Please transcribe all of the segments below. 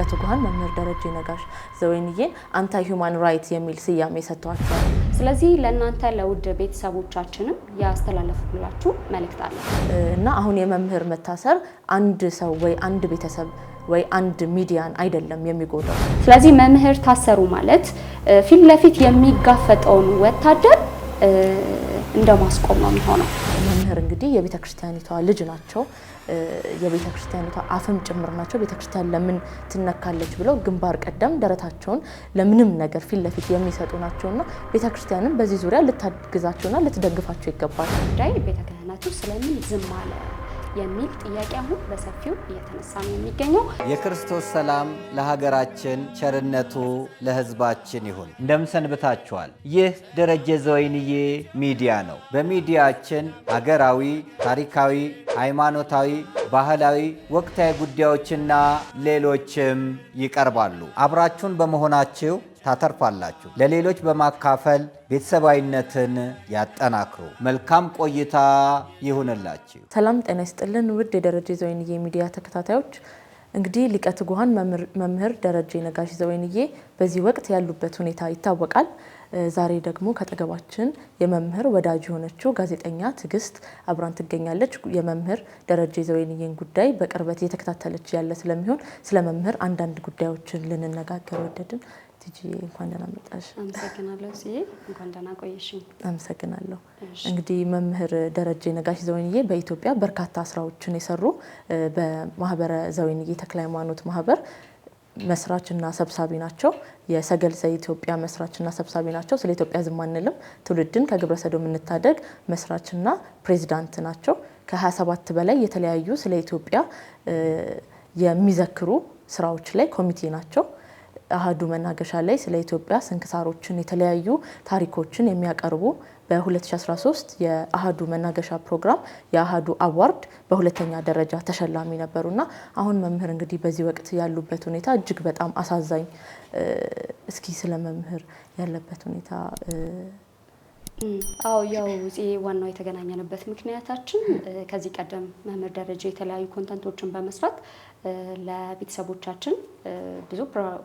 ከትጉሃን መምህር ደረጀ ነጋሽ ዘወይንዬን አንታይ ሂውማን ራይት የሚል ስያሜ ሰጥተዋቸዋል። ስለዚህ ለእናንተ ለውድ ቤተሰቦቻችንም ያስተላለፉላችሁ መልእክት አለ እና አሁን የመምህር መታሰር አንድ ሰው ወይ አንድ ቤተሰብ ወይ አንድ ሚዲያን አይደለም የሚጎዳው። ስለዚህ መምህር ታሰሩ ማለት ፊት ለፊት የሚጋፈጠውን ወታደር እንደ ማስቆም ነው የሚሆነው። መምህር እንግዲህ የቤተክርስቲያኒቷ ልጅ ናቸው። የቤተ ክርስቲያኒቷ አፍም ጭምር ናቸው። ቤተ ክርስቲያን ለምን ትነካለች ብለው ግንባር ቀደም ደረታቸውን ለምንም ነገር ፊት ለፊት የሚሰጡ ናቸውና ቤተ ክርስቲያንም በዚህ ዙሪያ ልታግዛቸውና ልትደግፋቸው ይገባል። ጉዳይ ቤተ ክህነቱ ስለምን ዝም አለ የሚል ጥያቄ አሁን በሰፊው እየተነሳ ነው የሚገኘው። የክርስቶስ ሰላም ለሀገራችን፣ ቸርነቱ ለህዝባችን ይሁን። እንደምሰንብታችኋል ይህ ደረጀ ዘወይንዬ ሚዲያ ነው። በሚዲያችን ሀገራዊ፣ ታሪካዊ፣ ሃይማኖታዊ ባህላዊ፣ ወቅታዊ ጉዳዮችና ሌሎችም ይቀርባሉ። አብራችሁን በመሆናችሁ ታተርፋላችሁ። ለሌሎች በማካፈል ቤተሰባዊነትን ያጠናክሩ። መልካም ቆይታ ይሁንላችሁ። ሰላም ጤና ይስጥልን ውድ የደረጀ ዘወይንዬ ሚዲያ ተከታታዮች እንግዲህ ሊቀ ትጉሃን መምህር ደረጀ ነጋሽ ዘወይንዬ በዚህ ወቅት ያሉበት ሁኔታ ይታወቃል። ዛሬ ደግሞ ከጠገባችን የመምህር ወዳጅ የሆነችው ጋዜጠኛ ትዕግስት አብራን ትገኛለች። የመምህር ደረጀ ዘወይንዬን ጉዳይ በቅርበት እየተከታተለች ያለ ስለሚሆን ስለ መምህር አንዳንድ ጉዳዮችን ልንነጋገር ወደድን። ቲጂዬ እንኳን ደህና መጣሽ። አመሰግናለሁ ሲ እንኳን ደህና ቆየሽኝ። አመሰግናለሁ። እንግዲህ መምህር ደረጀ ነጋሽ ዘወይንዬ በኢትዮጵያ በርካታ ስራዎችን የሰሩ በማህበረ ዘወይንዬ ተክለ ሃይማኖት ማህበር መስራችና ሰብሳቢ ናቸው። የሰገል ዘኢትዮጵያ መስራችና ሰብሳቢ ናቸው። ስለ ኢትዮጵያ ዝም አንልም ትውልድን ከግብረ ሰዶም እንታደግ መስራችና ፕሬዚዳንት ናቸው። ከ27 በላይ የተለያዩ ስለ ኢትዮጵያ የሚዘክሩ ስራዎች ላይ ኮሚቴ ናቸው። አህዱ መናገሻ ላይ ስለ ኢትዮጵያ ስንክሳሮችን የተለያዩ ታሪኮችን የሚያቀርቡ በ2013 የአህዱ መናገሻ ፕሮግራም የአህዱ አዋርድ በሁለተኛ ደረጃ ተሸላሚ ነበሩና አሁን መምህር እንግዲህ በዚህ ወቅት ያሉበት ሁኔታ እጅግ በጣም አሳዛኝ። እስኪ ስለ መምህር ያለበት ሁኔታ አዎ ያው ዜ ዋናው የተገናኘንበት ምክንያታችን ከዚህ ቀደም መምህር ደረጃ የተለያዩ ኮንተንቶችን በመስራት ለቤተሰቦቻችን ብዙ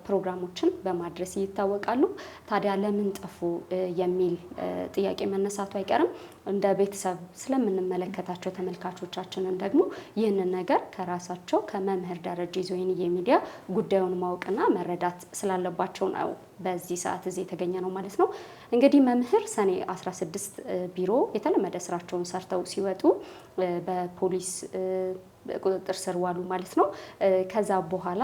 ፕሮግራሞችን በማድረስ ይታወቃሉ። ታዲያ ለምን ጠፉ የሚል ጥያቄ መነሳቱ አይቀርም። እንደ ቤተሰብ ስለምንመለከታቸው ተመልካቾቻችንን ደግሞ ይህንን ነገር ከራሳቸው ከመምህር ደረጀ ዞይንዬ ሚዲያ ጉዳዩን ማወቅና መረዳት ስላለባቸው ነው በዚህ ሰዓት እዚህ የተገኘ ነው ማለት ነው። እንግዲህ መምህር ሰኔ 16 ቢሮ የተለመደ ስራቸውን ሰርተው ሲወጡ በፖሊስ ቁጥጥር ስር ዋሉ ማለት ነው። ከዛ በኋላ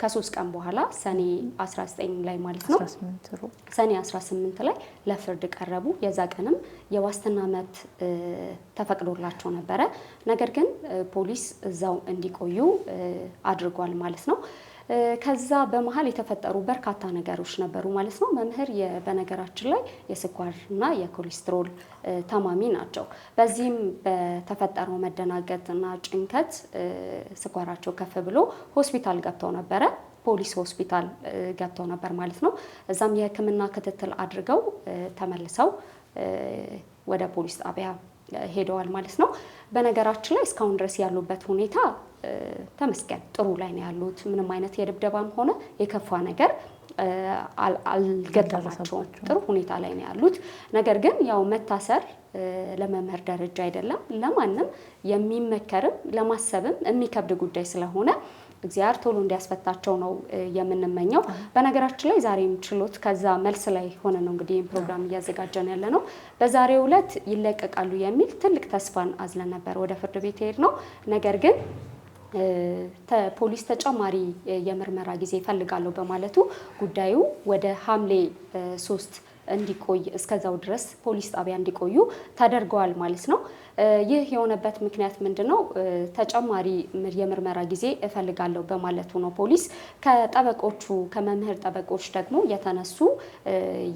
ከሶስት ቀን በኋላ ሰኔ 19 ላይ ማለት ነው ሰኔ 18 ላይ ለፍርድ ቀረቡ። የዛ ቀንም የዋስትና መብት ተፈቅዶላቸው ነበረ። ነገር ግን ፖሊስ እዛው እንዲቆዩ አድርጓል ማለት ነው። ከዛ በመሀል የተፈጠሩ በርካታ ነገሮች ነበሩ ማለት ነው። መምህር በነገራችን ላይ የስኳርና የኮሌስትሮል ታማሚ ናቸው። በዚህም በተፈጠረው መደናገጥና ጭንከት ስኳራቸው ከፍ ብሎ ሆስፒታል ገብተው ነበረ። ፖሊስ ሆስፒታል ገብተው ነበር ማለት ነው። እዛም የሕክምና ክትትል አድርገው ተመልሰው ወደ ፖሊስ ጣቢያ ሄደዋል ማለት ነው። በነገራችን ላይ እስካሁን ድረስ ያሉበት ሁኔታ ተመስገን ጥሩ ላይ ነው ያሉት። ምንም አይነት የድብደባም ሆነ የከፋ ነገር አልገጠማቸውም። ጥሩ ሁኔታ ላይ ነው ያሉት። ነገር ግን ያው መታሰር ለመምህር ደረጃ አይደለም፣ ለማንም የሚመከርም ለማሰብም የሚከብድ ጉዳይ ስለሆነ እግዚአብሔር ቶሎ እንዲያስፈታቸው ነው የምንመኘው። በነገራችን ላይ ዛሬም ችሎት ከዛ መልስ ላይ ሆነ ነው እንግዲህ ይህን ፕሮግራም እያዘጋጀን ያለ ነው። በዛሬው ዕለት ይለቀቃሉ የሚል ትልቅ ተስፋን አዝለን ነበር ወደ ፍርድ ቤት ሄድ ነው። ነገር ግን ፖሊስ ተጨማሪ የምርመራ ጊዜ ይፈልጋለሁ በማለቱ ጉዳዩ ወደ ሐምሌ ሶስት እንዲቆይ እስከዛው ድረስ ፖሊስ ጣቢያ እንዲቆዩ ተደርገዋል ማለት ነው። ይህ የሆነበት ምክንያት ምንድን ነው? ተጨማሪ የምርመራ ጊዜ እፈልጋለሁ በማለቱ ነው። ፖሊስ ከጠበቆቹ ከመምህር ጠበቆች ደግሞ የተነሱ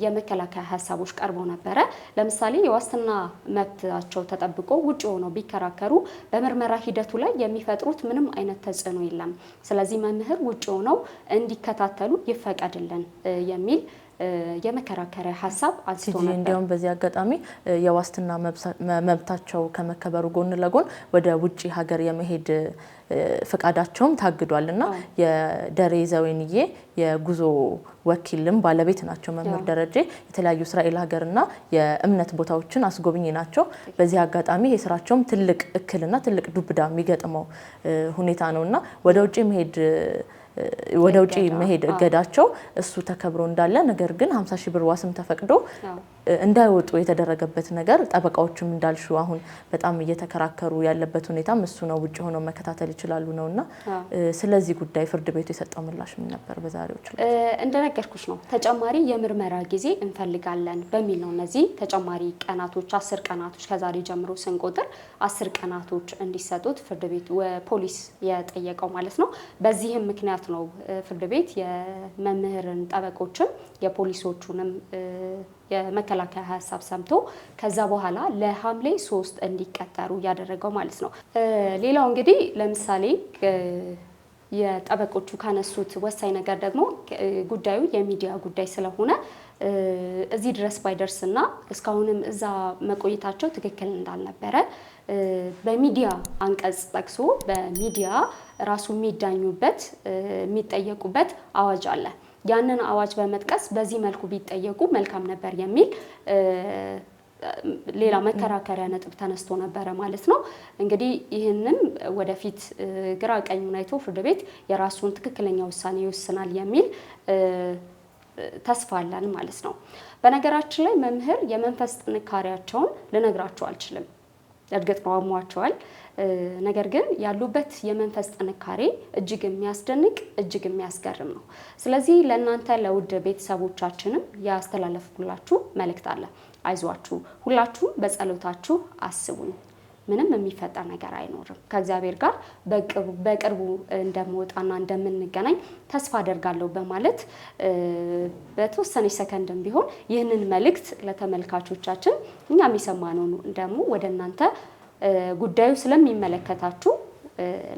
የመከላከያ ሀሳቦች ቀርቦ ነበረ። ለምሳሌ የዋስትና መብታቸው ተጠብቆ ውጭ ሆነው ቢከራከሩ በምርመራ ሂደቱ ላይ የሚፈጥሩት ምንም አይነት ተጽዕኖ የለም። ስለዚህ መምህር ውጭ ሆነው እንዲከታተሉ ይፈቀድልን የሚል የመከራከሪ ሀሳብ አንስቶ ነበር። እንዲያውም በዚህ አጋጣሚ የዋስትና መብታቸው ከመከበሩ ጎን ለጎን ወደ ውጭ ሀገር የመሄድ ፈቃዳቸውም ታግዷል እና የደሬ ዘወይንዬ የጉዞ ወኪልም ባለቤት ናቸው። መምህር ደረጀ የተለያዩ እስራኤል ሀገርና የእምነት ቦታዎችን አስጎብኝ ናቸው። በዚህ አጋጣሚ የስራቸውም ትልቅ እክልና ትልቅ ዱብዳ የሚገጥመው ሁኔታ ነው እና ወደ ውጭ መሄድ ወደ ውጭ መሄድ እገዳቸው እሱ ተከብሮ እንዳለ ነገር ግን 50 ሺህ ብር ዋስም ተፈቅዶ እንዳይወጡ የተደረገበት ነገር ጠበቃዎችም እንዳልሹ አሁን በጣም እየተከራከሩ ያለበት ሁኔታም እሱ ነው። ውጭ ሆነው መከታተል ይችላሉ ነው እና ስለዚህ ጉዳይ ፍርድ ቤቱ የሰጠው ምላሽ ምን ነበር? በዛሬዎች ችሎት እንደነገርኩሽ ነው ተጨማሪ የምርመራ ጊዜ እንፈልጋለን በሚል ነው እነዚህ ተጨማሪ ቀናቶች አስር ቀናቶች ከዛሬ ጀምሮ ስንቆጥር አስር ቀናቶች እንዲሰጡት ፍርድ ቤቱ ፖሊስ የጠየቀው ማለት ነው። በዚህም ምክንያት ማለት ነው ፍርድ ቤት የመምህርን ጠበቆችን የፖሊሶቹንም የመከላከያ ሀሳብ ሰምቶ ከዛ በኋላ ለሐምሌ ሶስት እንዲቀጠሩ እያደረገው ማለት ነው። ሌላው እንግዲህ ለምሳሌ የጠበቆቹ ካነሱት ወሳኝ ነገር ደግሞ ጉዳዩ የሚዲያ ጉዳይ ስለሆነ እዚህ ድረስ ባይደርስና እስካሁንም እዛ መቆየታቸው ትክክል እንዳልነበረ በሚዲያ አንቀጽ ጠቅሶ በሚዲያ ራሱ የሚዳኙበት የሚጠየቁበት አዋጅ አለ። ያንን አዋጅ በመጥቀስ በዚህ መልኩ ቢጠየቁ መልካም ነበር የሚል ሌላ መከራከሪያ ነጥብ ተነስቶ ነበረ ማለት ነው። እንግዲህ ይህንን ወደፊት ግራ ቀኙን አይቶ ፍርድ ቤት የራሱን ትክክለኛ ውሳኔ ይወስናል የሚል ተስፋ አለን ማለት ነው። በነገራችን ላይ መምህር የመንፈስ ጥንካሬያቸውን ልነግራቸው አልችልም። እርግጥ ነው አሟቸዋል። ነገር ግን ያሉበት የመንፈስ ጥንካሬ እጅግ የሚያስደንቅ እጅግ የሚያስገርም ነው። ስለዚህ ለእናንተ ለውድ ቤተሰቦቻችንም ያስተላለፍኩላችሁ መልእክት አለ። አይዟችሁ፣ ሁላችሁም በጸሎታችሁ አስቡኝ። ምንም የሚፈጠር ነገር አይኖርም። ከእግዚአብሔር ጋር በቅርቡ እንደምወጣና እንደምንገናኝ ተስፋ አደርጋለሁ በማለት በተወሰነች ሰከንድም ቢሆን ይህንን መልእክት ለተመልካቾቻችን እኛም የሰማነውን ደግሞ ወደ እናንተ ጉዳዩ ስለሚመለከታችሁ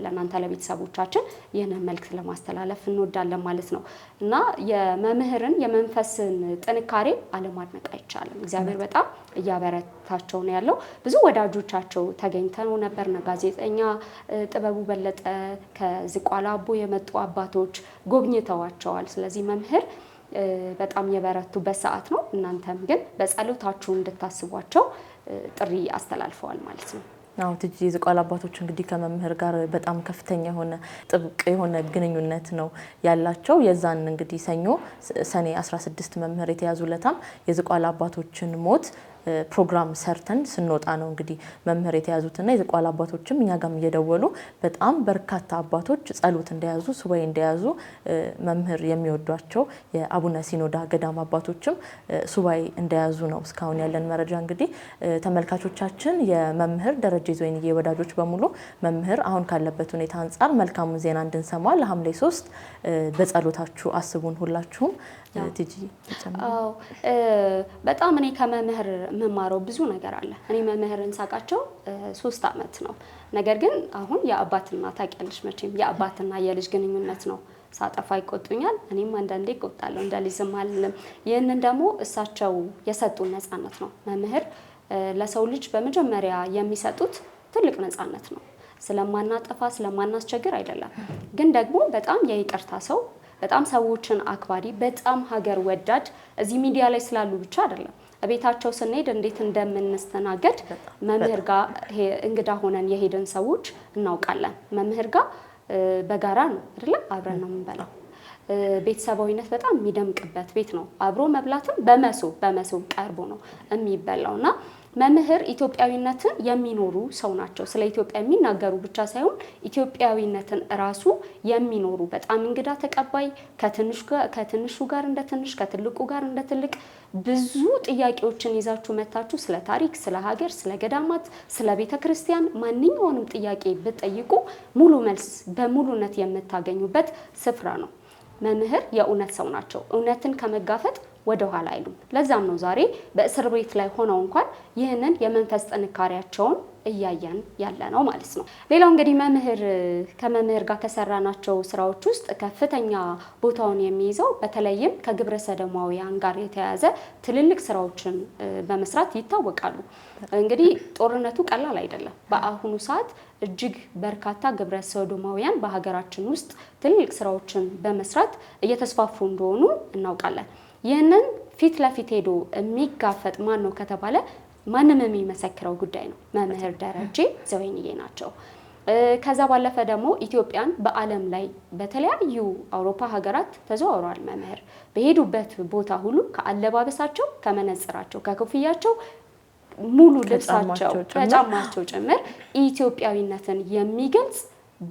ለእናንተ ለቤተሰቦቻችን ይህንን መልእክት ለማስተላለፍ እንወዳለን ማለት ነው እና የመምህርን የመንፈስን ጥንካሬ አለማድነቅ አይቻልም። እግዚአብሔር በጣም እያበረታቸው ነው ያለው። ብዙ ወዳጆቻቸው ተገኝተው ነበር። ጋዜጠኛ ጥበቡ በለጠ ከዝቋላ አቦ የመጡ አባቶች ጎብኝተዋቸዋል። ስለዚህ መምህር በጣም የበረቱበት ሰዓት ነው። እናንተም ግን በጸሎታችሁ እንድታስቧቸው ጥሪ አስተላልፈዋል ማለት ነው። አዎ ትጂ የዝቋላ አባቶች እንግዲህ ከመምህር ጋር በጣም ከፍተኛ የሆነ ጥብቅ የሆነ ግንኙነት ነው ያላቸው። የዛን እንግዲህ ሰኞ ሰኔ 16 መምህር የተያዙ ለታም የዝቋላ አባቶችን ሞት ፕሮግራም ሰርተን ስንወጣ ነው እንግዲህ መምህር የተያዙትና የዝቋላ አባቶችም እኛ ጋም እየደወሉ በጣም በርካታ አባቶች ጸሎት እንደያዙ ስወይ እንደያዙ መምህር የሚወዷቸው የአቡነ ሲኖዳ ገዳም አባቶችም ሱባኤ እንደያዙ ነው እስካሁን ያለን መረጃ። እንግዲህ ተመልካቾቻችን የመምህር ደረጀ ዘወይንዬ ወዳጆች በሙሉ መምህር አሁን ካለበት ሁኔታ አንጻር መልካሙን ዜና እንድንሰማ ለሐምሌ ሶስት በጸሎታችሁ አስቡን ሁላችሁም። አዎ በጣም እኔ ከመምህር የምማረው ብዙ ነገር አለ። እኔ መምህርን ሳውቃቸው ሶስት አመት ነው። ነገር ግን አሁን የአባትና ታውቂያለሽ መቼም የአባትና የልጅ ግንኙነት ነው። ሳጠፋ ይቆጡኛል፣ እኔም አንዳንዴ ይቆጣለሁ። እንደ ልጅ ዝም አልልም። ይህንን ደግሞ እሳቸው የሰጡን ነፃነት ነው። መምህር ለሰው ልጅ በመጀመሪያ የሚሰጡት ትልቅ ነፃነት ነው። ስለማናጠፋ ስለማናስቸግር አይደለም፣ ግን ደግሞ በጣም የይቅርታ ሰው በጣም ሰዎችን አክባሪ፣ በጣም ሀገር ወዳድ እዚህ ሚዲያ ላይ ስላሉ ብቻ አይደለም እቤታቸው ስንሄድ እንዴት እንደምንስተናገድ መምህር ጋር እንግዳ ሆነን የሄድን ሰዎች እናውቃለን። መምህር ጋር በጋራ ነው አይደለም አብረን ነው የምንበላው። ቤተሰባዊነት በጣም የሚደምቅበት ቤት ነው። አብሮ መብላትም በመሶብ በመሶብ ቀርቦ ነው የሚበላው እና መምህር ኢትዮጵያዊነትን የሚኖሩ ሰው ናቸው። ስለ ኢትዮጵያ የሚናገሩ ብቻ ሳይሆን ኢትዮጵያዊነትን እራሱ የሚኖሩ በጣም እንግዳ ተቀባይ፣ ከትንሹ ጋር እንደ ትንሽ፣ ከትልቁ ጋር እንደ ትልቅ ብዙ ጥያቄዎችን ይዛችሁ መታችሁ ስለ ታሪክ፣ ስለ ሀገር፣ ስለ ገዳማት፣ ስለ ቤተ ክርስቲያን ማንኛውንም ጥያቄ ብትጠይቁ ሙሉ መልስ በሙሉነት የምታገኙበት ስፍራ ነው። መምህር የእውነት ሰው ናቸው። እውነትን ከመጋፈጥ ወደ ኋላ አይሉም። ለዛም ነው ዛሬ በእስር ቤት ላይ ሆነው እንኳን ይህንን የመንፈስ ጥንካሬያቸውን እያየን ያለ ነው ማለት ነው። ሌላው እንግዲህ መምህር ከመምህር ጋር ከሰራናቸው ስራዎች ውስጥ ከፍተኛ ቦታውን የሚይዘው በተለይም ከግብረ ሰደማውያን ጋር የተያያዘ ትልልቅ ስራዎችን በመስራት ይታወቃሉ። እንግዲህ ጦርነቱ ቀላል አይደለም። በአሁኑ ሰዓት እጅግ በርካታ ግብረ ሰዶማውያን በሀገራችን ውስጥ ትልልቅ ስራዎችን በመስራት እየተስፋፉ እንደሆኑ እናውቃለን። ይህንን ፊት ለፊት ሄዶ የሚጋፈጥ ማን ነው ከተባለ ማንም የሚመሰክረው ጉዳይ ነው። መምህር ደረጀ ዘወይንዬ ናቸው። ከዛ ባለፈ ደግሞ ኢትዮጵያን በዓለም ላይ በተለያዩ አውሮፓ ሀገራት ተዘዋውሯል መምህር በሄዱበት ቦታ ሁሉ ከአለባበሳቸው፣ ከመነጽራቸው፣ ከኮፍያቸው ሙሉ ልብሳቸው ከጫማቸው ጭምር ኢትዮጵያዊነትን የሚገልጽ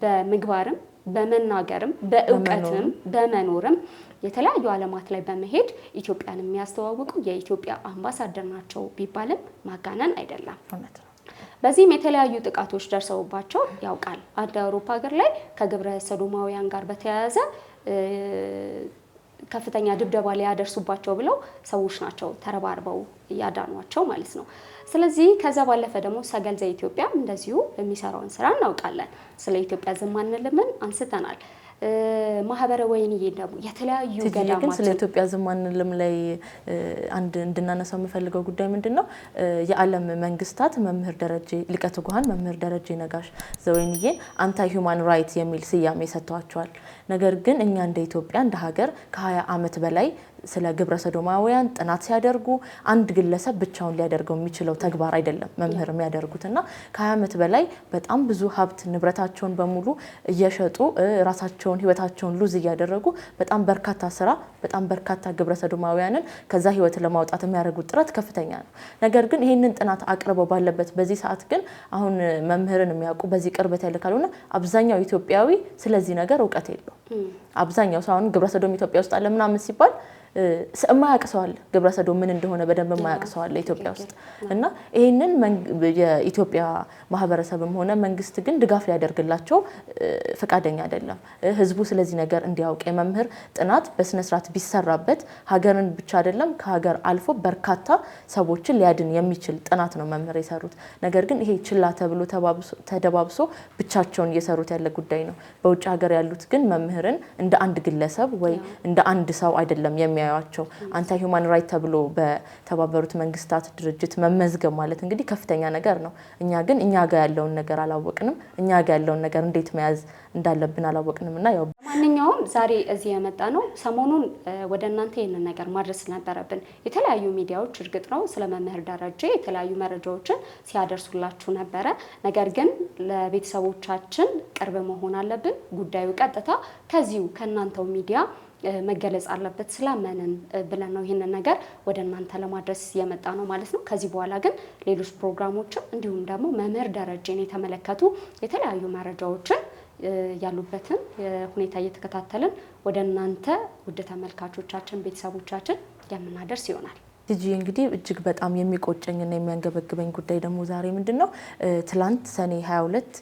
በምግባርም በመናገርም በእውቀትም በመኖርም የተለያዩ ዓለማት ላይ በመሄድ ኢትዮጵያን የሚያስተዋውቁ የኢትዮጵያ አምባሳደር ናቸው ቢባልም ማጋነን አይደለም። በዚህም የተለያዩ ጥቃቶች ደርሰውባቸው ያውቃል። አንድ አውሮፓ ሀገር ላይ ከግብረ ሰዶማውያን ጋር በተያያዘ ከፍተኛ ድብደባ ሊያደርሱባቸው ብለው ሰዎች ናቸው ተረባርበው እያዳኗቸው ማለት ነው። ስለዚህ ከዛ ባለፈ ደግሞ ሰገል ኢትዮጵያ እንደዚሁ የሚሰራውን ስራ እናውቃለን። ስለ ኢትዮጵያ ዝም አንስተናል። ማህበረ ወይንዬ ደግሞ የተለያዩ ገዳማት ግን ስለ ኢትዮጵያ ዝማንልም ላይ አንድ እንድናነሳው የምፈልገው ጉዳይ ምንድን ነው? የዓለም መንግስታት መምህር ደረጀ ሊቀ ትጉሃን መምህር ደረጀ ነጋሽ ዘወይንዬን አንታይ ሂውማን ራይት የሚል ስያሜ ሰጥተዋቸዋል። ነገር ግን እኛ እንደ ኢትዮጵያ እንደ ሀገር ከ20 ዓመት በላይ ስለ ግብረ ሰዶማውያን ጥናት ሲያደርጉ አንድ ግለሰብ ብቻውን ሊያደርገው የሚችለው ተግባር አይደለም መምህር የሚያደርጉትና 20 ዓመት በላይ በጣም ብዙ ሀብት ንብረታቸውን በሙሉ እየሸጡ ራሳቸውን ህይወታቸውን ሉዝ እያደረጉ በጣም በርካታ ስራ በጣም በርካታ ግብረ ሰዶማውያንን ከዛ ህይወት ለማውጣት የሚያደርጉት ጥረት ከፍተኛ ነው። ነገር ግን ይህንን ጥናት አቅርበው ባለበት በዚህ ሰዓት ግን አሁን መምህርን የሚያውቁ በዚህ ቅርበት ያለ ካልሆነ አብዛኛው ኢትዮጵያዊ ስለዚህ ነገር እውቀት የለው። አብዛኛው ሰው አሁን ግብረ ሰዶም ኢትዮጵያ ውስጥ አለ ምናምን ሲባል የማያውቅ ሰው አለ፣ ግብረ ምን እንደሆነ በደንብ የማያውቅ ሰው አለ ኢትዮጵያ ውስጥ እና ይህንን የኢትዮጵያ ማህበረሰብም ሆነ መንግስት ግን ድጋፍ ሊያደርግላቸው ፈቃደኛ አይደለም። ህዝቡ ስለዚህ ነገር እንዲያውቅ የመምህር ጥናት በስነስርዓት ቢሰራበት ሀገርን ብቻ አይደለም ከሀገር አልፎ በርካታ ሰዎችን ሊያድን የሚችል ጥናት ነው መምህር የሰሩት። ነገር ግን ይሄ ችላ ተብሎ ተደባብሶ ብቻቸውን እየሰሩት ያለ ጉዳይ ነው። በውጭ ሀገር ያሉት ግን መምህርን እንደ አንድ ግለሰብ ወይ እንደ አንድ ሰው አይደለም የሚያ የሚያያቸው አንተ ሁማን ራይት ተብሎ በተባበሩት መንግስታት ድርጅት መመዝገብ ማለት እንግዲህ ከፍተኛ ነገር ነው። እኛ ግን እኛ ጋር ያለውን ነገር አላወቅንም። እኛ ጋር ያለውን ነገር እንዴት መያዝ እንዳለብን አላወቅንም። እና ያው ማንኛውም ዛሬ እዚህ የመጣ ነው ሰሞኑን ወደ እናንተ ይህንን ነገር ማድረስ ነበረብን። የተለያዩ ሚዲያዎች እርግጥ ነው ስለ መምህር ደረጀ የተለያዩ መረጃዎችን ሲያደርሱላችሁ ነበረ። ነገር ግን ለቤተሰቦቻችን ቅርብ መሆን አለብን። ጉዳዩ ቀጥታ ከዚሁ ከእናንተው ሚዲያ መገለጽ አለበት ስላመንን ብለን ነው ይህንን ነገር ወደ እናንተ ለማድረስ የመጣ ነው ማለት ነው። ከዚህ በኋላ ግን ሌሎች ፕሮግራሞችን እንዲሁም ደግሞ መምህር ደረጀን የተመለከቱ የተለያዩ መረጃዎችን ያሉበትን ሁኔታ እየተከታተልን ወደ እናንተ ውድ ተመልካቾቻችን፣ ቤተሰቦቻችን የምናደርስ ይሆናል። ቲጂ እንግዲህ እጅግ በጣም የሚቆጨኝና የሚያንገበግበኝ ጉዳይ ደግሞ ዛሬ ምንድን ነው ትላንት ሰኔ 22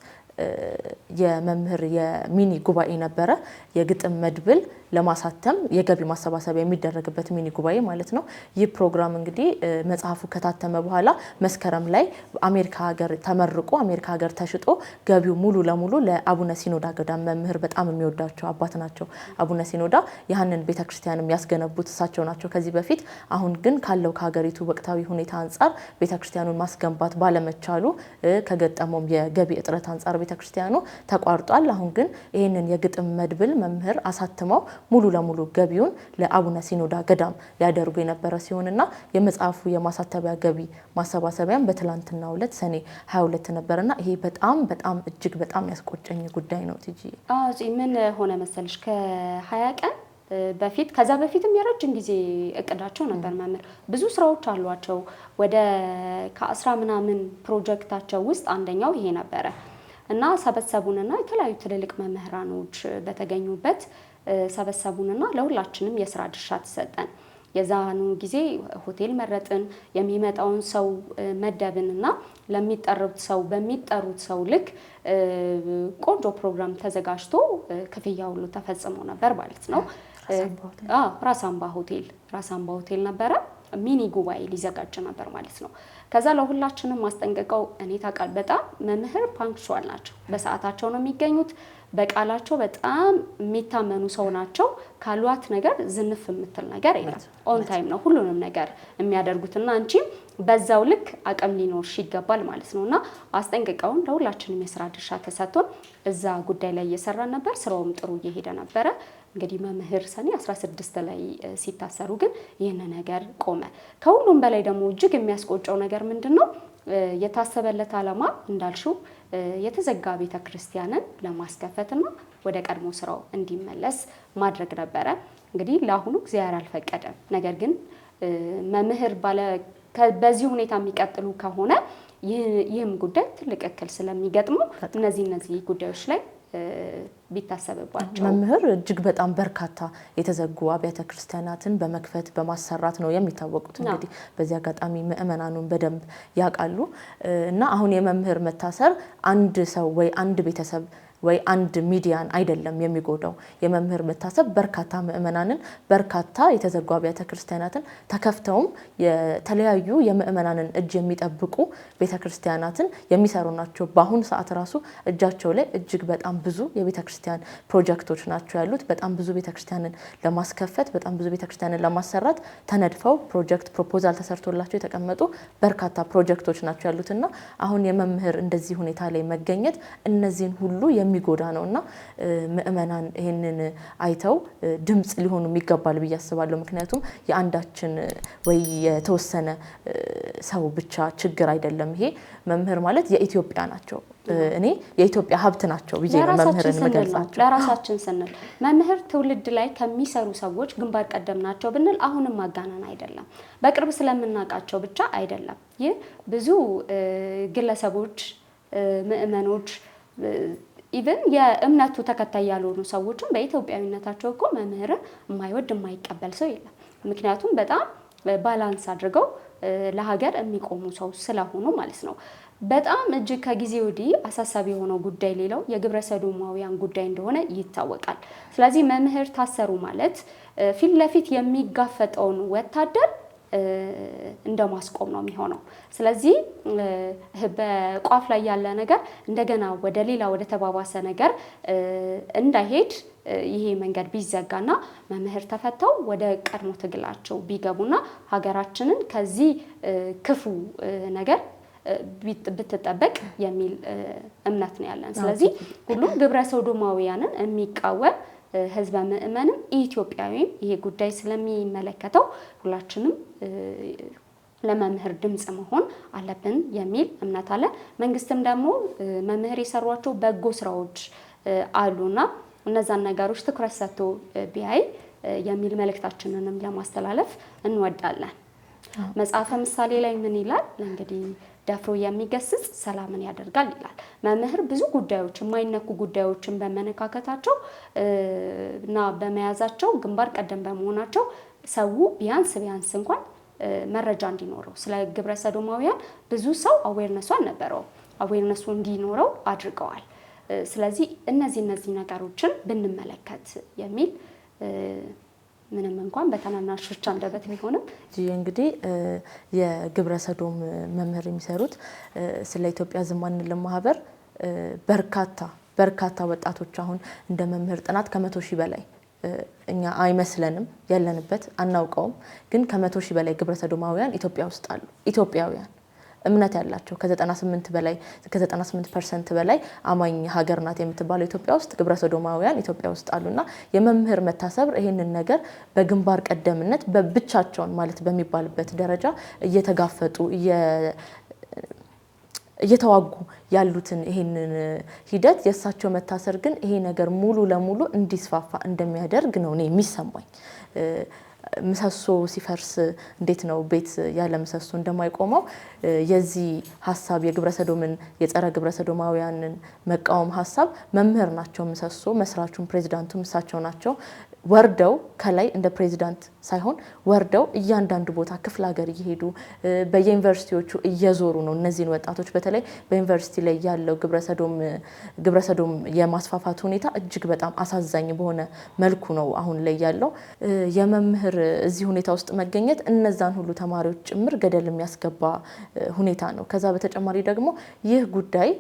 የመምህር የሚኒ ጉባኤ ነበረ የግጥም መድብል ለማሳተም የገቢ ማሰባሰቢያ የሚደረግበት ሚኒ ጉባኤ ማለት ነው። ይህ ፕሮግራም እንግዲህ መጽሐፉ ከታተመ በኋላ መስከረም ላይ አሜሪካ ሀገር ተመርቆ አሜሪካ ሀገር ተሽጦ ገቢው ሙሉ ለሙሉ ለአቡነ ሲኖዳ ገዳም መምህር በጣም የሚወዳቸው አባት ናቸው። አቡነ ሲኖዳ ያህንን ቤተክርስቲያንም ያስገነቡት እሳቸው ናቸው ከዚህ በፊት። አሁን ግን ካለው ከሀገሪቱ ወቅታዊ ሁኔታ አንጻር ቤተክርስቲያኑን ማስገንባት ባለመቻሉ ከገጠመውም የገቢ እጥረት አንጻር ቤተክርስቲያኑ ተቋርጧል። አሁን ግን ይህንን የግጥም መድብል መምህር አሳትመው ሙሉ ለሙሉ ገቢውን ለአቡነ ሲኖዳ ገዳም ያደርጉ የነበረ ሲሆንና የመጽሐፉ የማሳተቢያ ገቢ ማሰባሰቢያም በትላንትናው ዕለት ሰኔ 22 ነበርና ይሄ በጣም በጣም እጅግ በጣም ያስቆጨኝ ጉዳይ ነው። ቲጂ ምን ሆነ መሰልሽ ከሀያ ቀን በፊት ከዛ በፊትም የረጅም ጊዜ እቅዳቸው ነበር። መምህር ብዙ ስራዎች አሏቸው። ወደ ከአስራ ምናምን ፕሮጀክታቸው ውስጥ አንደኛው ይሄ ነበረ እና ሰበሰቡንና የተለያዩ ትልልቅ መምህራኖች በተገኙበት ሰበሰቡንና ለሁላችንም የስራ ድርሻ ተሰጠን። የዛኑ ጊዜ ሆቴል መረጥን፣ የሚመጣውን ሰው መደብንና ለሚጠሩት ሰው በሚጠሩት ሰው ልክ ቆንጆ ፕሮግራም ተዘጋጅቶ ክፍያ ሁሉ ተፈጽሞ ነበር ማለት ነው። ራስ አምባ ሆቴል ራስ አምባ ሆቴል ነበረ። ሚኒ ጉባኤ ሊዘጋጅ ነበር ማለት ነው። ከዛ ለሁላችንም ማስጠንቀቀው እኔ ታውቃል በጣም መምህር ፓንክቹዋል ናቸው። በሰዓታቸው ነው የሚገኙት። በቃላቸው በጣም የሚታመኑ ሰው ናቸው። ካሏት ነገር ዝንፍ የምትል ነገር የለም። ኦን ታይም ነው ሁሉንም ነገር የሚያደርጉትና አንቺም በዛው ልክ አቅም ሊኖርሽ ይገባል ማለት ነው። እና አስጠንቅቀውን ለሁላችንም የስራ ድርሻ ተሰጥቶን እዛ ጉዳይ ላይ እየሰራን ነበር። ስራውም ጥሩ እየሄደ ነበረ። እንግዲህ መምህር ሰኔ 16 ላይ ሲታሰሩ ግን ይህን ነገር ቆመ። ከሁሉም በላይ ደግሞ እጅግ የሚያስቆጨው ነገር ምንድን ነው? የታሰበለት ዓላማ እንዳልሽው የተዘጋ ቤተ ክርስቲያንን ለማስከፈትና ወደ ቀድሞ ስራው እንዲመለስ ማድረግ ነበረ። እንግዲህ ለአሁኑ እግዚአብሔር አልፈቀደም። ነገር ግን መምህር ባለ በዚህ ሁኔታ የሚቀጥሉ ከሆነ ይህም ጉዳይ ትልቅ እክል ስለሚገጥመው እነዚህ እነዚህ ጉዳዮች ላይ ቢታሰብባቸው? መምህር እጅግ በጣም በርካታ የተዘጉ አብያተ ክርስቲያናትን በመክፈት በማሰራት ነው የሚታወቁት። እንግዲህ በዚህ አጋጣሚ ምእመናኑን በደንብ ያውቃሉ እና አሁን የመምህር መታሰር አንድ ሰው ወይ አንድ ቤተሰብ ወይ አንድ ሚዲያን አይደለም የሚጎዳው። የመምህር መታሰብ በርካታ ምዕመናንን በርካታ የተዘጉ አብያተ ክርስቲያናትን ተከፍተውም የተለያዩ የምእመናንን እጅ የሚጠብቁ ቤተ ክርስቲያናትን የሚሰሩ ናቸው። በአሁኑ ሰዓት ራሱ እጃቸው ላይ እጅግ በጣም ብዙ የቤተ ክርስቲያን ፕሮጀክቶች ናቸው ያሉት። በጣም ብዙ ቤተ ክርስቲያንን ለማስከፈት በጣም ብዙ ቤተ ክርስቲያንን ለማሰራት ተነድፈው ፕሮጀክት ፕሮፖዛል ተሰርቶላቸው የተቀመጡ በርካታ ፕሮጀክቶች ናቸው ያሉትና አሁን የመምህር እንደዚህ ሁኔታ ላይ መገኘት እነዚህን ሁሉ የሚጎዳ ነው እና ምእመናን ይህንን አይተው ድምፅ ሊሆኑ ይገባል ብዬ አስባለሁ። ምክንያቱም የአንዳችን ወይ የተወሰነ ሰው ብቻ ችግር አይደለም። ይሄ መምህር ማለት የኢትዮጵያ ናቸው። እኔ የኢትዮጵያ ሀብት ናቸው ብዬ መምህርን የምገልጻቸው ለራሳችን ስንል መምህር ትውልድ ላይ ከሚሰሩ ሰዎች ግንባር ቀደም ናቸው ብንል አሁንም ማጋነን አይደለም። በቅርብ ስለምናውቃቸው ብቻ አይደለም። ይህ ብዙ ግለሰቦች፣ ምእመኖች። ኢቨን የእምነቱ ተከታይ ያልሆኑ ሰዎችም በኢትዮጵያዊነታቸው እኮ መምህርን የማይወድ የማይቀበል ሰው የለም። ምክንያቱም በጣም ባላንስ አድርገው ለሀገር የሚቆሙ ሰው ስለሆኑ ማለት ነው። በጣም እጅግ ከጊዜ ወዲህ አሳሳቢ የሆነው ጉዳይ ሌላው የግብረ ሰዶማውያን ጉዳይ እንደሆነ ይታወቃል። ስለዚህ መምህር ታሰሩ ማለት ፊት ለፊት የሚጋፈጠውን ወታደር እንደ ማስቆም ነው የሚሆነው። ስለዚህ በቋፍ ላይ ያለ ነገር እንደገና ወደ ሌላ ወደ ተባባሰ ነገር እንዳይሄድ ይሄ መንገድ ቢዘጋና መምህር ተፈተው ወደ ቀድሞ ትግላቸው ቢገቡና ሀገራችንን ከዚህ ክፉ ነገር ብትጠበቅ የሚል እምነት ነው ያለን። ስለዚህ ሁሉም ግብረ ሰዶማውያንን የሚቃወም ህዝበ ምእመንም ኢትዮጵያዊም ይሄ ጉዳይ ስለሚመለከተው ሁላችንም ለመምህር ድምፅ መሆን አለብን የሚል እምነት አለ። መንግስትም ደግሞ መምህር የሰሯቸው በጎ ስራዎች አሉና እነዛን ነገሮች ትኩረት ሰጥቶ ቢያይ የሚል መልእክታችንንም ለማስተላለፍ እንወዳለን። መጽሐፈ ምሳሌ ላይ ምን ይላል እንግዲህ ደፍሮ የሚገስጽ ሰላምን ያደርጋል ይላል። መምህር ብዙ ጉዳዮች የማይነኩ ጉዳዮችን በመነካከታቸው እና በመያዛቸው ግንባር ቀደም በመሆናቸው ሰው ቢያንስ ቢያንስ እንኳን መረጃ እንዲኖረው ስለ ግብረ ሰዶማውያን ብዙ ሰው አዌርነሱ አልነበረው አዌርነሱ እንዲኖረው አድርገዋል። ስለዚህ እነዚህ እነዚህ ነገሮችን ብንመለከት የሚል ምንም እንኳን በታናናሾች አንደበት ቢሆንም እንግዲህ የግብረ ሰዶም መምህር የሚሰሩት ስለ ኢትዮጵያ ዝም ማህበር በርካታ በርካታ ወጣቶች አሁን እንደ መምህር ጥናት ከመቶ ሺህ በላይ እኛ አይመስለንም ያለንበት አናውቀውም፣ ግን ከመቶ ሺህ በላይ ግብረ ሰዶማውያን ኢትዮጵያ ውስጥ አሉ ኢትዮጵያውያን እምነት ያላቸው ከ98 በላይ ከ98 ፐርሰንት በላይ አማኝ ሀገር ናት የምትባለው ኢትዮጵያ ውስጥ ግብረ ሶዶማውያን ኢትዮጵያ ውስጥ አሉና የመምህር መታሰብ ይህንን ነገር በግንባር ቀደምነት በብቻቸውን ማለት በሚባልበት ደረጃ እየተጋፈጡ እየተዋጉ ያሉትን ይሄንን ሂደት የእሳቸው መታሰር ግን ይሄ ነገር ሙሉ ለሙሉ እንዲስፋፋ እንደሚያደርግ ነው እኔ የሚሰማኝ። ምሰሶ ሲፈርስ እንዴት ነው ቤት ያለ ምሰሶ እንደማይቆመው የዚህ ሀሳብ የግብረሰዶምን የጸረ ግብረሰዶማውያንን መቃወም ሀሳብ መምህር ናቸው ምሰሶ መስራቹም ፕሬዚዳንቱም እሳቸው ናቸው። ወርደው ከላይ እንደ ፕሬዚዳንት ሳይሆን ወርደው እያንዳንዱ ቦታ ክፍለ ሀገር እየሄዱ በየዩኒቨርሲቲዎቹ እየዞሩ ነው እነዚህን ወጣቶች በተለይ በዩኒቨርሲቲ ላይ ያለው ግብረሰዶም የማስፋፋት ሁኔታ እጅግ በጣም አሳዛኝ በሆነ መልኩ ነው አሁን ላይ ያለው። የመምህር እዚህ ሁኔታ ውስጥ መገኘት እነዛን ሁሉ ተማሪዎች ጭምር ገደል የሚያስገባ ሁኔታ ነው። ከዛ በተጨማሪ ደግሞ ይህ ጉዳይ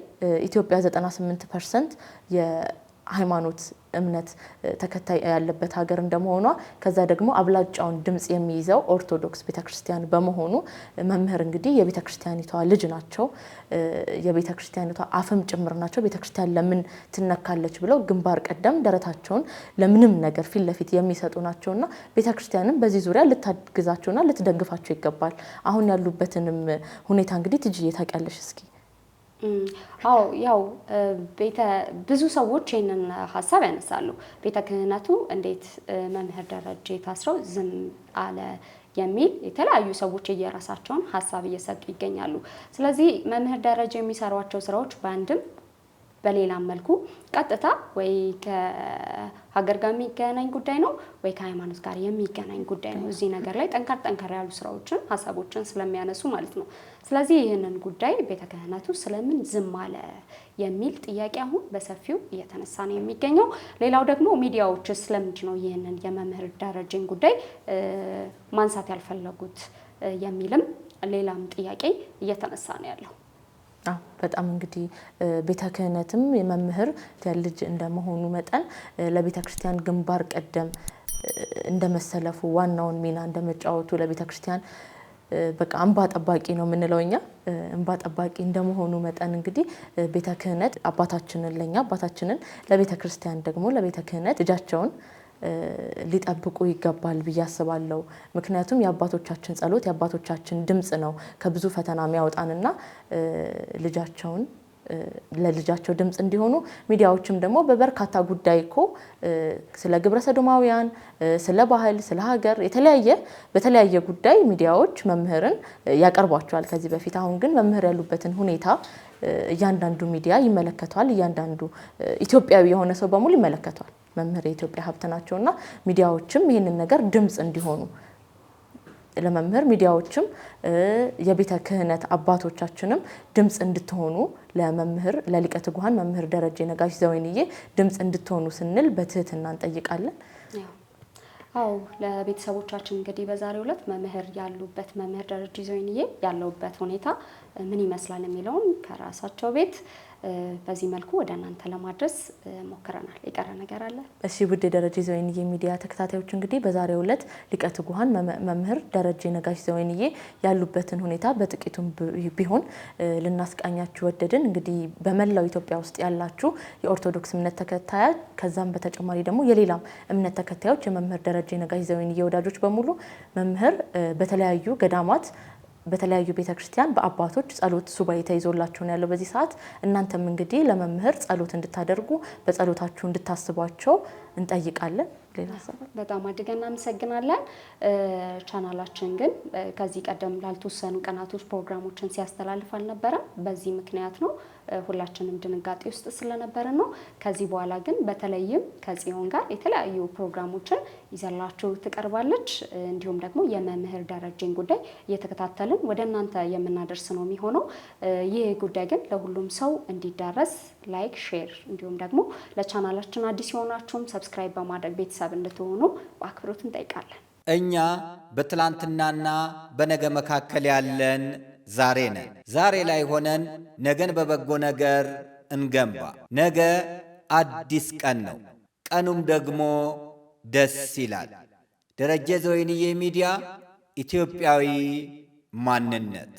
ኢትዮጵያ 98 ፐርሰንት የሃይማኖት እምነት ተከታይ ያለበት ሀገር እንደመሆኗ ከዛ ደግሞ አብላጫውን ድምፅ የሚይዘው ኦርቶዶክስ ቤተክርስቲያን በመሆኑ መምህር እንግዲህ የቤተክርስቲያኒቷ ልጅ ናቸው፣ የቤተክርስቲያኒቷ አፍም ጭምር ናቸው። ቤተክርስቲያን ለምን ትነካለች ብለው ግንባር ቀደም ደረታቸውን ለምንም ነገር ፊት ለፊት የሚሰጡ ናቸውና ቤተክርስቲያንም በዚህ ዙሪያ ልታግዛቸውና ልትደግፋቸው ይገባል። አሁን ያሉበትንም ሁኔታ እንግዲህ ትጅ ታውቂያለሽ እስኪ አዎ ያው ቤተ ብዙ ሰዎች ይህንን ሀሳብ ያነሳሉ። ቤተ ክህነቱ እንዴት መምህር ደረጀ ታስረው ዝም አለ የሚል የተለያዩ ሰዎች የየራሳቸውን ሀሳብ እየሰጡ ይገኛሉ። ስለዚህ መምህር ደረጀ የሚሰሯቸው ስራዎች በአንድም በሌላም መልኩ ቀጥታ ወይ ከሀገር ጋር የሚገናኝ ጉዳይ ነው ወይ ከሃይማኖት ጋር የሚገናኝ ጉዳይ ነው። እዚህ ነገር ላይ ጠንከር ጠንከር ያሉ ስራዎችን፣ ሀሳቦችን ስለሚያነሱ ማለት ነው። ስለዚህ ይህንን ጉዳይ ቤተ ክህነቱ ስለምን ዝም አለ የሚል ጥያቄ አሁን በሰፊው እየተነሳ ነው የሚገኘው። ሌላው ደግሞ ሚዲያዎች ስለምንድን ነው ይህንን የመምህር ደረጀን ጉዳይ ማንሳት ያልፈለጉት የሚልም ሌላም ጥያቄ እየተነሳ ነው ያለው። በጣም እንግዲህ ቤተ ክህነትም የመምህር ልጅ እንደመሆኑ መጠን ለቤተ ክርስቲያን ግንባር ቀደም እንደ መሰለፉ ዋናውን ሚና እንደ መጫወቱ ለቤተ ክርስቲያን በቃ እንባ ጠባቂ ነው የምንለው እኛ። እንባ ጠባቂ እንደመሆኑ መጠን እንግዲህ ቤተ ክህነት አባታችንን ለእኛ አባታችንን ለቤተ ክርስቲያን ደግሞ ለቤተ ክህነት እጃቸውን ሊጠብቁ ይገባል ብዬ አስባለሁ። ምክንያቱም የአባቶቻችን ጸሎት የአባቶቻችን ድምፅ ነው ከብዙ ፈተና የሚያወጣንና ልጃቸውን ለልጃቸው ድምፅ እንዲሆኑ ሚዲያዎችም ደግሞ በበርካታ ጉዳይ እኮ ስለ ግብረ ሰዶማውያን፣ ስለ ባህል፣ ስለ ሀገር የተለያየ በተለያየ ጉዳይ ሚዲያዎች መምህርን ያቀርቧቸዋል ከዚህ በፊት። አሁን ግን መምህር ያሉበትን ሁኔታ እያንዳንዱ ሚዲያ ይመለከቷል። እያንዳንዱ ኢትዮጵያዊ የሆነ ሰው በሙሉ ይመለከቷል። መምህር የኢትዮጵያ ሀብት ናቸው እና ሚዲያዎችም ይህንን ነገር ድምፅ እንዲሆኑ ለመምህር ሚዲያዎችም የቤተ ክህነት አባቶቻችንም ድምፅ እንድትሆኑ ለመምህር ለሊቀ ትጉሃን መምህር ደረጀ ነጋሽ ዘወይንዬ ድምፅ እንድትሆኑ ስንል በትህትና እንጠይቃለን። አው ለቤተሰቦቻችን እንግዲህ በዛሬው ዕለት መምህር ያሉበት መምህር ደረጀ ዘወይንዬ ያለውበት ሁኔታ ምን ይመስላል የሚለውን ከራሳቸው ቤት በዚህ መልኩ ወደ እናንተ ለማድረስ ሞክረናል። የቀረ ነገር አለ? እሺ ውድ ደረጀ ዘወይንዬ ሚዲያ ተከታታዮች እንግዲህ በዛሬው ዕለት ሊቀ ትጉሃን መምህር ደረጀ ነጋሽ ዘወይንዬ ያሉበትን ሁኔታ በጥቂቱም ቢሆን ልናስቃኛችሁ ወደድን። እንግዲህ በመላው ኢትዮጵያ ውስጥ ያላችሁ የኦርቶዶክስ እምነት ተከታያ ከዛም በተጨማሪ ደግሞ የሌላም እምነት ተከታዮች የመምህር ደረጀ ነጋሽ ዘወይንዬ ወዳጆች በሙሉ መምህር በተለያዩ ገዳማት በተለያዩ ቤተክርስቲያን በአባቶች ጸሎት ሱባኤ ተይዞላቸው ነው ያለው በዚህ ሰዓት። እናንተም እንግዲህ ለመምህር ጸሎት እንድታደርጉ በጸሎታችሁ እንድታስቧቸው እንጠይቃለን። በጣም አድርገን እናመሰግናለን። ቻናላችን ግን ከዚህ ቀደም ላልተወሰኑ ቀናቶች ፕሮግራሞችን ሲያስተላልፍ አልነበረም። በዚህ ምክንያት ነው ሁላችንም ድንጋጤ ውስጥ ስለነበረ ነው። ከዚህ በኋላ ግን በተለይም ከጽዮን ጋር የተለያዩ ፕሮግራሞችን ይዘላችሁ ትቀርባለች። እንዲሁም ደግሞ የመምህር ደረጀን ጉዳይ እየተከታተልን ወደ እናንተ የምናደርስ ነው የሚሆነው። ይህ ጉዳይ ግን ለሁሉም ሰው እንዲዳረስ ላይክ፣ ሼር እንዲሁም ደግሞ ለቻናላችን አዲስ የሆናችሁም ሰብስክራይብ በማድረግ ቤተሰብ እንድትሆኑ በአክብሮት እንጠይቃለን። እኛ በትላንትናና በነገ መካከል ያለን ዛሬ ነን። ዛሬ ላይ ሆነን ነገን በበጎ ነገር እንገንባ። ነገ አዲስ ቀን ነው። ቀኑም ደግሞ ደስ ይላል። ደረጀ ዘወይንዬ ሚዲያ ኢትዮጵያዊ ማንነት